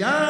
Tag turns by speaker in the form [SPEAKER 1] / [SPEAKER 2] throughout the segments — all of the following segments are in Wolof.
[SPEAKER 1] yaa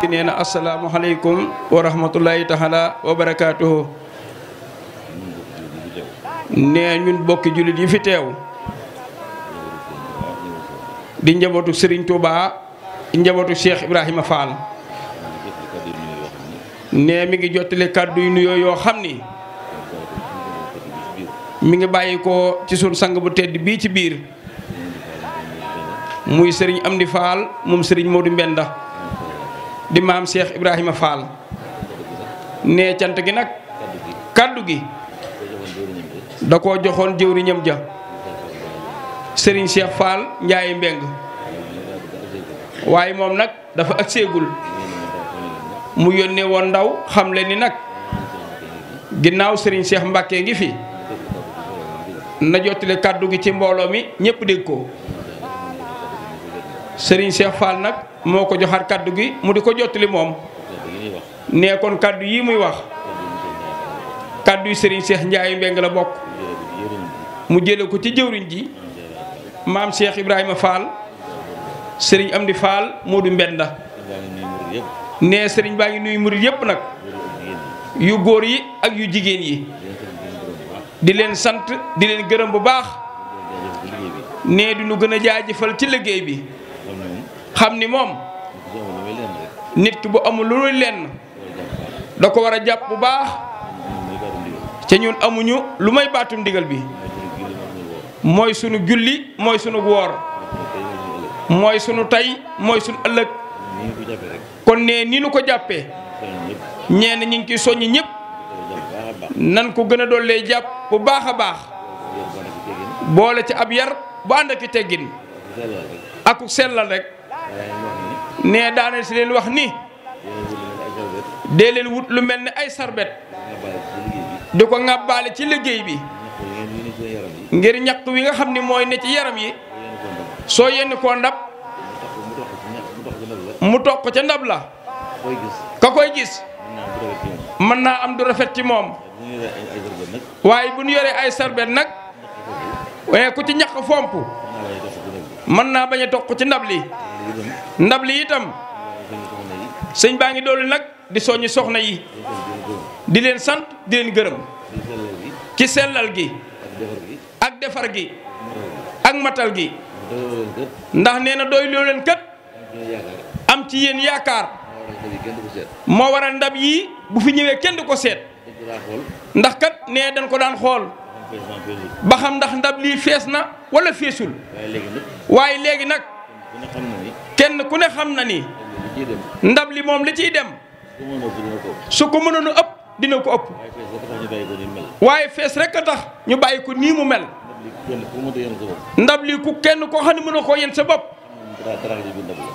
[SPEAKER 2] ki nee na asalaamualeykum wa rahmatullahi taala wa barakaatuhu nee ñun bokki jullit yi fi teew di njabootu Serigne Touba njabootu Cheikh Ibrahima Fall nee mi ngi jottali kàddu yu nuyoo yoo xam ni mi ngi bàyyi ko ci sunu sang bu tedd bii ci biir muy Serigne Amdi Fall moom Serigne Modou Mbenda di maam seex Ibrahima Fall nee cant gi nag kàddu gi da koo joxoon jëwriñam ja sëriñ Cheikh Fall Ndiaye Mbeng waaye moom nag dafa agseegul mu yónnee woon ndaw xam le ni nag ginnaaw sëriñ Cheikh Mbacke ngi fi na jottale kàddu gi ci mbooloo mi ñëpp dégg ko sëriñ Cheikh Fall nag. moo ko joxaat kàddu gi mu di ko jottali moom nee kon kàddu yii muy wax kaddu yu Serigne Cheikh Ndiaye Mbeng la bokk mu jële ko ci jëwriñ ji maam Cheikh Ibrahima Fall Serigne Amdi di Modou Mbenda nee sëriñ baa ngi nuyu murit yépp nag yu góor yi ak yu jigéen yi di leen sant di leen gërëm bu baax ne du ñu gën a jaajëfal ci liggéey bi xam ni moom nit bu amul lu dul lenn da ko war a jàpp bu baax ca ñun amuñu lu may baatum ndigal bi mooy sunu julli mooy sunu woor mooy sunu tey mooy sunu ëllëg kon nee ni lu ko jàppee ñeen ñi ngi ciy soññ ñëpp nan ko gën a dollee jàpp bu baax a baax boole ci ab yar bu ànd ak i teggin ak sellal rek. nee daane si leen wax ni dee leen wut lu mel ni ay sarbet di ko ŋàbbaale ci liggéey bi ngir ñaq wi nga xam ni mooy ne ci yaram yi soo yenn koo ndab mu toq ca ndab la ka koy gis mën naa am du rafet ci moom waaye bu ñu yoree ay sarbet nag waaye ku ci ñaq fomp mën naa bañ a toq ci ndab li ndab li itam sëñ baa ngi doolu nag di soññi soxna yi di leen sant di leen gërëm ci sellal gi ak defar gi ak matal gi ndax nee na doy leen kat am ci yéen yaakaar moo waral ndab yii bu fi ñëwee kenn du ko seet ndax kat nee dañ ko daan xool ba xam ndax ndab lii fees na wala feesul waaye léegi nag kenn ku ne xam na ni ndab li moom li ciy dem su ko mënoon a ëpp dina ko ëpp waaye fees rek a tax ñu bàyyi ko nii mu mel ndab li ku kenn koo xam ne mën a koo yen sa bopp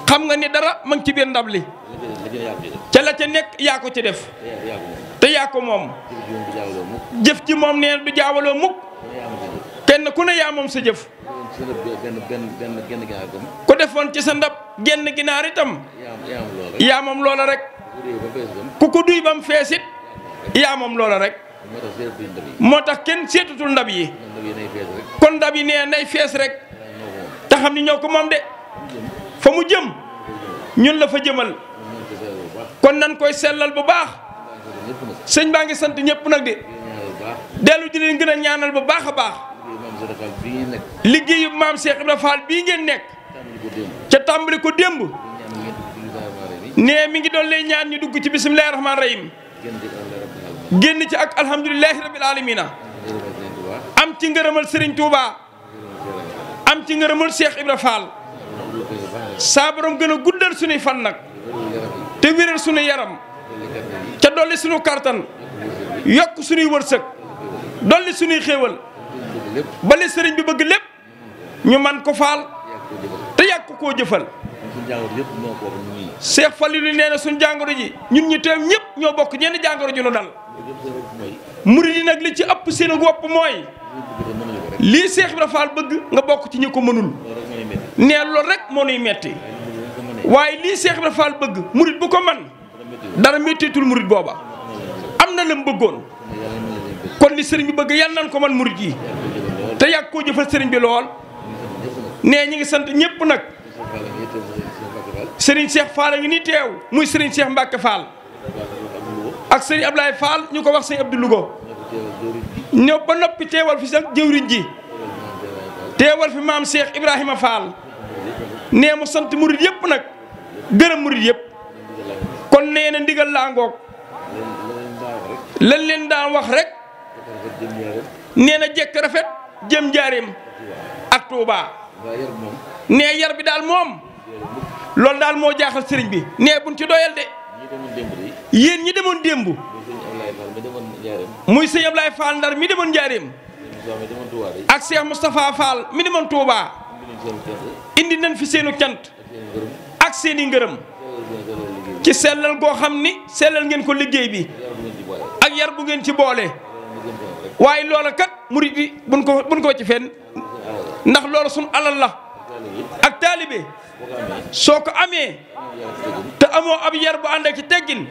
[SPEAKER 2] xam nga ni dara ma ngi ci biir ndab li ca la ca nekk yaa ko ci def te yaa ko moom jëf ci moom nee du jaawaloo mukk kenn ku ne yaa moom sa jëf benn benn genn ginaar itam. ku defoon ci sa ndab genn ginaar itam. yaa moom loola rek. ku ko duy ba mu fees it. yaa loola rek. moo tax kenn seetatul ndab yi. kon ndab yi nee nay fees rek. te xam ni ñoo ko moom de. fa mu jëm. ñun la fa jëmal. kon nan koy sellal bu baax. sëñ baa ngi sant ñëpp nag de. dellu di leen gën a ñaanal bu baax a baax. liggéeyu maam Cheikh Ibra Fall bii ngeen nekk. ca tàmbali ko démb. nee mi ngi doon ñaan ñu dugg ci bisimilah rahmaani rahim. génn ci ak alhamdulilahi rabil alamina. am ci ngërëmal Serigne Ibra Fall. saa gën a guddal suñuy fan nag. te wéral suñu yaram. ca dolli suñu kartan yokk suñuy wërsëg. dolli suñuy xéewal. ba sëriñ bi bëgg lépp ñu man ko faal te yàgg koo jëfal Seex Falilu nee na suñ jàngoro ji ñun ñu teew ñëpp ñoo bokk ñenn jàngoro ji nu dal murid yi nag li ci ëpp seen wopp mooy lii Seex Ibra Faal bëgg nga bokk ci ñu ko mënul nee lool rek moo nuy metti waaye lii Seex Ibra Faal bëgg murid bu ko man dara mettitul murid booba am na lam bëggoon kon li sëriñ bi bëgg yal nan ko man murit yi te yàgg koo sëriñ bi lool nee ñi ngi sant ñëpp nag sëriñ Cheikh Fall a ngi ni teew muy sëriñ Cheikh Mbacke Fall ak sëriñ Ablaye Fall ñu ko wax sëriñ Abdou Louga ñëw ba noppi teewal fi sax jëwriñ ji teewal fi maam Cheikh Ibrahima Fall nee mu sant murit yëpp nag gërëm murit yëpp kon nee na ndigal laa ngoog lan leen daan wax rek. nee na jekk rafet jëm njaareem ak Touba nee yar bi daal moom loolu daal moo jaaxal sëriñ bi nee buñ ci doyal de yéen ñi demoon démb muy sëñ Ablaye Fall Ndar mi demoon njaareem ak Cheikh Moustapha Fall mi demoon Touba indi nañ fi seenu cant ak seen i ngërëm ci sellal goo xam ni sellal ngeen ko liggéey bi ak yar bu ngeen ci boole. waaye loola kat murid bi buñ ko buñ ko ci fenn ndax loola sunu alal la ak taalibe soo ko amee te amoo ab yar bu ànd ak teggin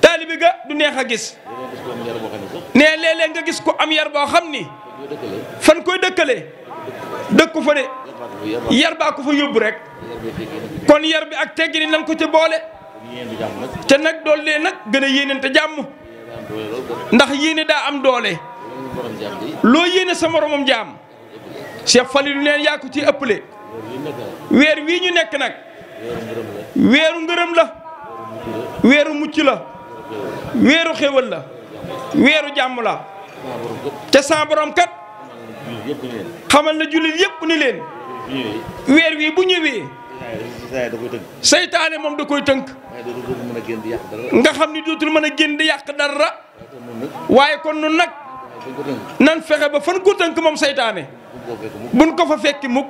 [SPEAKER 2] taalibe ga du neex a gis nee léeg-léeg nga gis ko am yar boo xam ni fan koy dëkkale dëkku fa de yar baa ko fa yóbbu rek kon yar bi ak teggin nan ko ca boole te nag dool lee nag gën a yéenante jàmm ndax yéene daa am doole loo yéene sa moromam jaam Cheikh Falilou neen yaa ko ci ëppale weer wii ñu nekk nag weeru ngërëm la weeru mucc la weeru xéwal la weeru jàmm la te sa borom kat xamal na jullit yépp ni leen weer wii bu ñëwee seytaane moom da koy tënk. nga xam ni dootul mën a génn di yàq dara. waaye kon nun nag. nan fexe ba fan ko tënk moom seytaane. buñ ko fa fekki mukk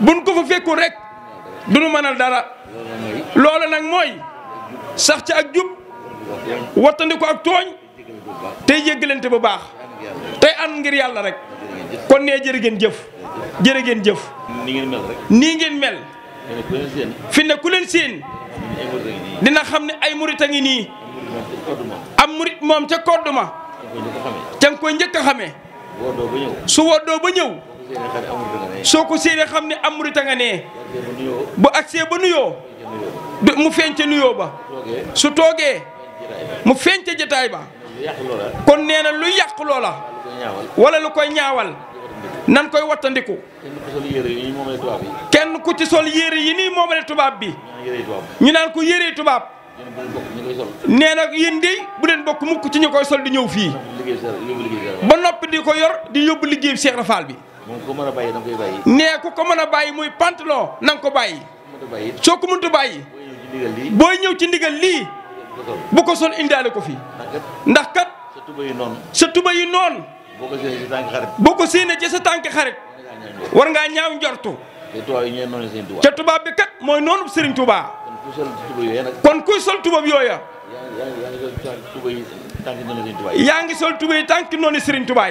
[SPEAKER 2] buñ ko fa fekkul rek. duñu mënal dara. loola nag mooy. sax ci ak jub. wattandi ko ak tooñ. tey jéggalante bu baax. tey ànd ngir yàlla rek. kon nee jërë ngeen jëf. jërë ngeen jëf. nii ngeen nii ngeen mel. fi ne ku leen dina xam ne ay murit a ngi nii am murit moom ca koddu ma ca nga koy njëkk a xamee su woddoo ba ñëw soo ko séenee xam ne am murit a nga nee bu agsee ba nuyoo mu feeñ ca nuyoo ba su toogee mu feeñ ca jataay ba kon nee na lu yàq loola wala lu koy ñaawal nan koy wattandiku kenn ku ci sol yére yi nii moomale tubaab bi ñu naan ko yére tubaab nee na yéen dey bu leen bokk mukk ci ñu koy sol di ñëw fii ba noppi di ko yor di yóbbu liggéey Cheikh faal bi nee ku ko mën a bàyyi muy pantalon na ko bàyyi soo ko mënta bàyyi booy ñëw ci ndigal lii bu ko sol indaale ko fii ndax kat sa tuba yi noon boo ko séenee ci sa tànk xarit war ngaa ñaaw njortu ca tubaab bi kat mooy noonu Serigne Touba. kon kuy sol tubaab yooya. yaa ngi sol tubaab yi tànk noonu Serigne Touba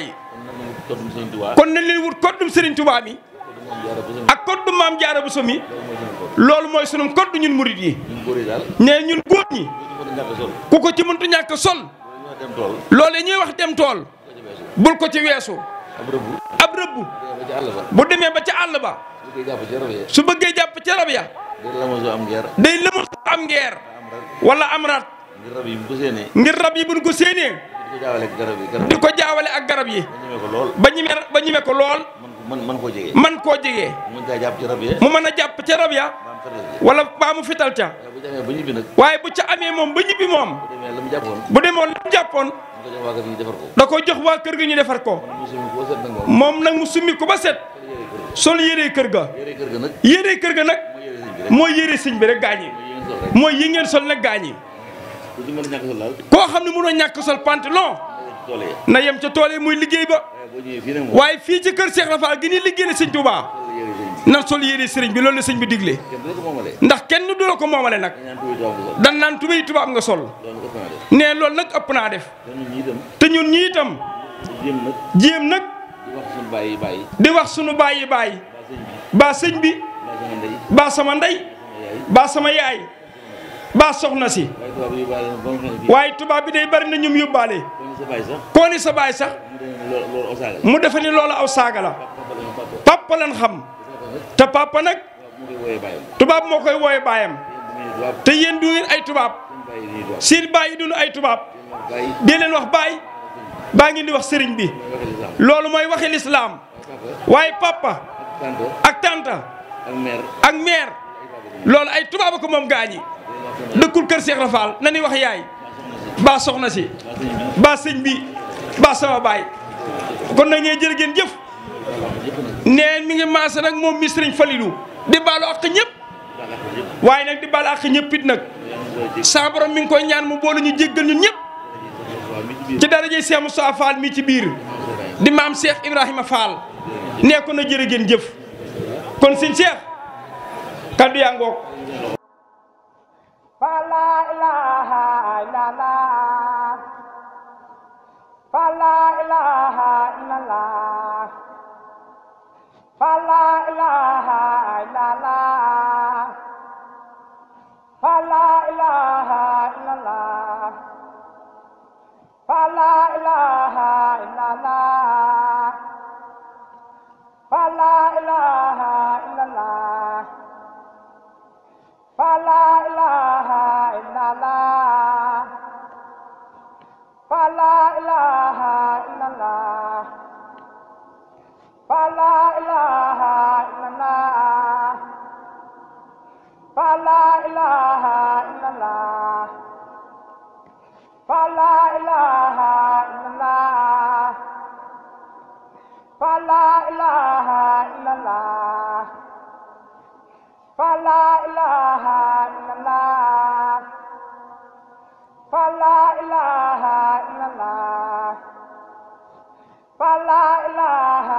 [SPEAKER 2] kon nañ leen wut koddum Serigne Touba mi. ak koddu maam jaara bu somi loolu mooy sunum koddu ñun murit yi ne ñun góor ñi ku ko ci mëntu ñàkk sol loolee ñuy wax dem tool bul ko ci weesu ab rëbb bu demee ba ca àll ba su bëggee jàpp ci rab ya day lamasu am ngeer day lamasu am ngeer wala am rat ngir rab yi bu ko séenee ngir rab yi buñ ko séenee di ko jaawale ak garab yi ba ñime ba ñime ko lool man man koo jege. man koo jege. mu mën a jàpp ca rab ya. mu mën a jàpp ca ya. wala baa mu fital ca. waaye bu ca amee moom ba ñibbi moom. bu demoon la mu jàppoon. da ko jox waa kër gi ñu defar ko. moom nag mu summi ko ba set. sol yére kër ga. yére kër ga nag. mooy yére sëñ bi rek gaañi. mooy yi ngeen sol nag gaañi. koo xam ne mënoo ñàkk sol pantalon. na yem ca tool yi muy liggéey ba. waaye fii ci kër Cheikh Rafaal gi ñuy liggéey la sëñ Touba. na sol yére sëriñ bi loolu la sëñ bi digle. ndax kenn du la ko moomale nag. dan naan tubéy tubaab nga sol. nee loolu nag ëpp naa def. te ñun ñii itam. jéem nag. di wax sunu bàyyi bàyyi baa sëñ bi baa sama ndey baa sama yaay baa soxna si waaye tubaab bi day bari na ñum yóbbaale koo ni sa baay sax mu defe ne loola aw saaga la papa lan xam te papa nag tubaab moo koy wooye baayam te yéen du ngeen ay tubaab seen bàyyi dunu ay tubaab dee leen wax baay baa ngi di wax sëriñ bi loolu mooy waxi lislaam waaye papa ak tanta ak mère loolu ay tubaab ko moom gaañi dëkkul kër Cheikh Rafaal na ni wax yaay baa soxna si baa sëñ bi baa sama baay kon nag ñee jërë ngeen jëf neen mi ngi maase nag moom mi sëriñ Falilou di baalu àq ñëpp waaye nag di baalu àq ñëpp it nag saa mi ngi koy ñaan mu boolu ñu jéggal ñun ñëpp ci daraje Cheikh Moustapha Fall mi ci biir dimaam maam Cheikh Ibrahima Fall nekkoon na jërë ngeen jëf kon sëñ Cheikh kaddu yaa ngoog
[SPEAKER 3] fa la ilaha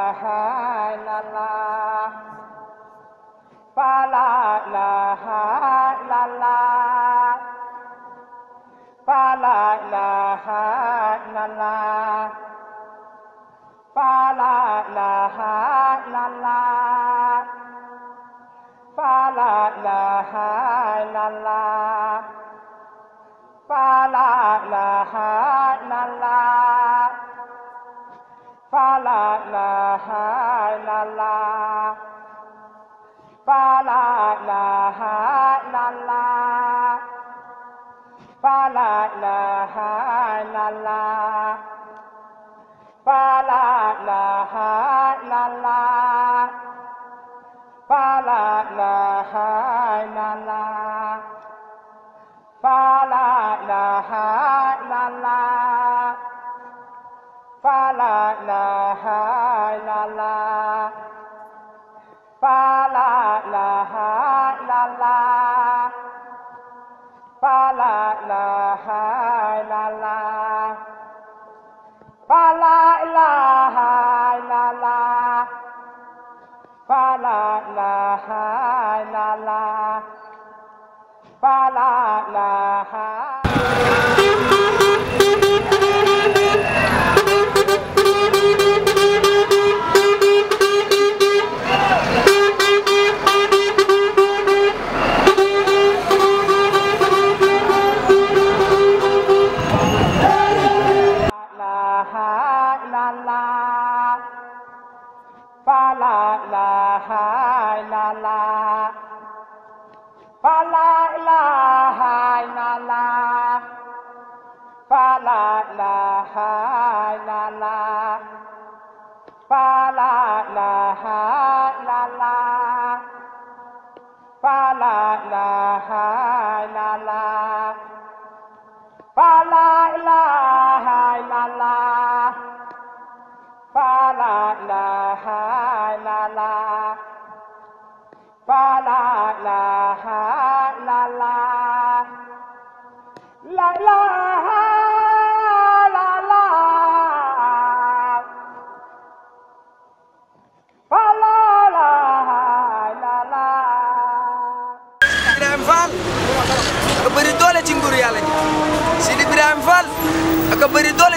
[SPEAKER 3] la ilaha illallah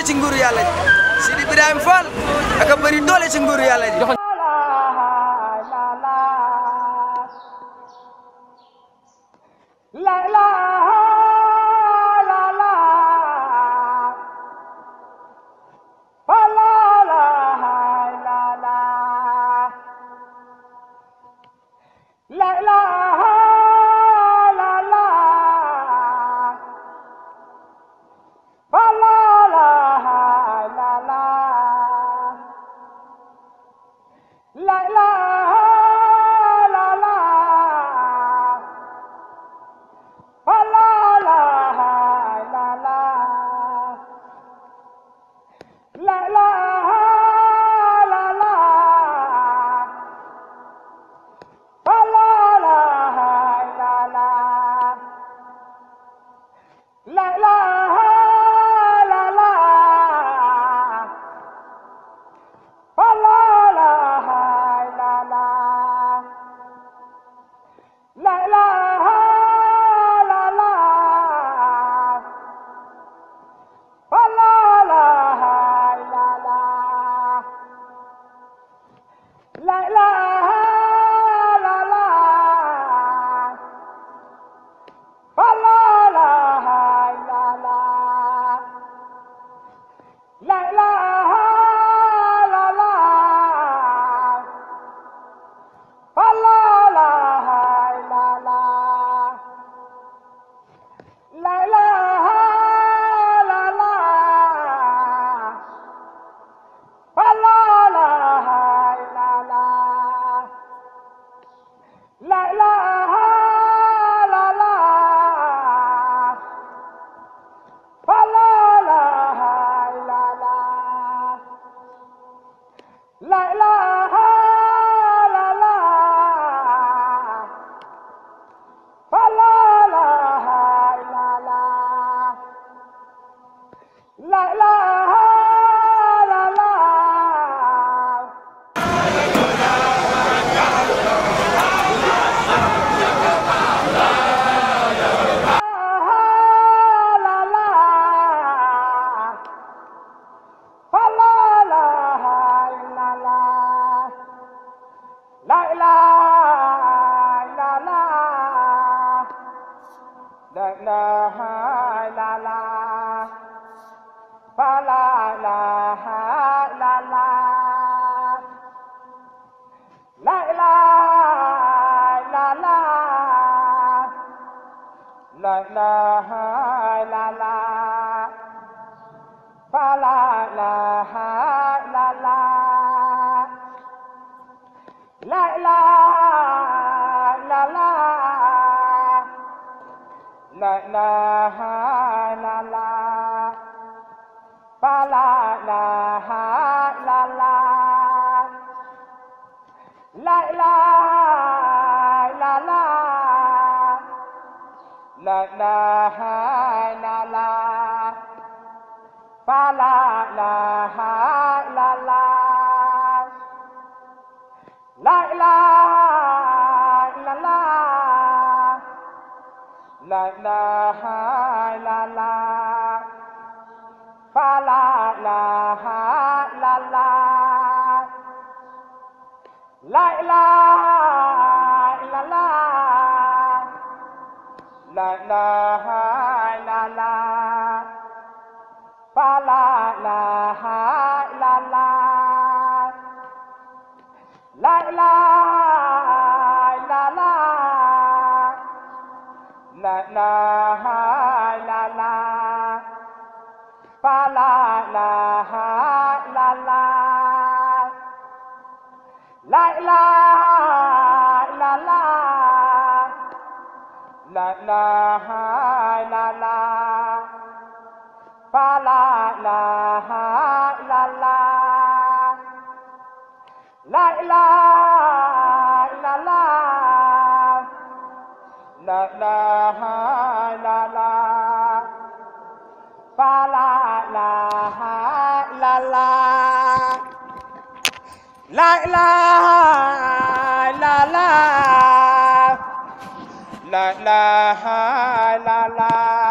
[SPEAKER 2] ci nguuru yàlla ji Sidi Ibrahima Fall aka bëri doole ci nguuru yàlla ji
[SPEAKER 3] la la la la ilaha la la la la la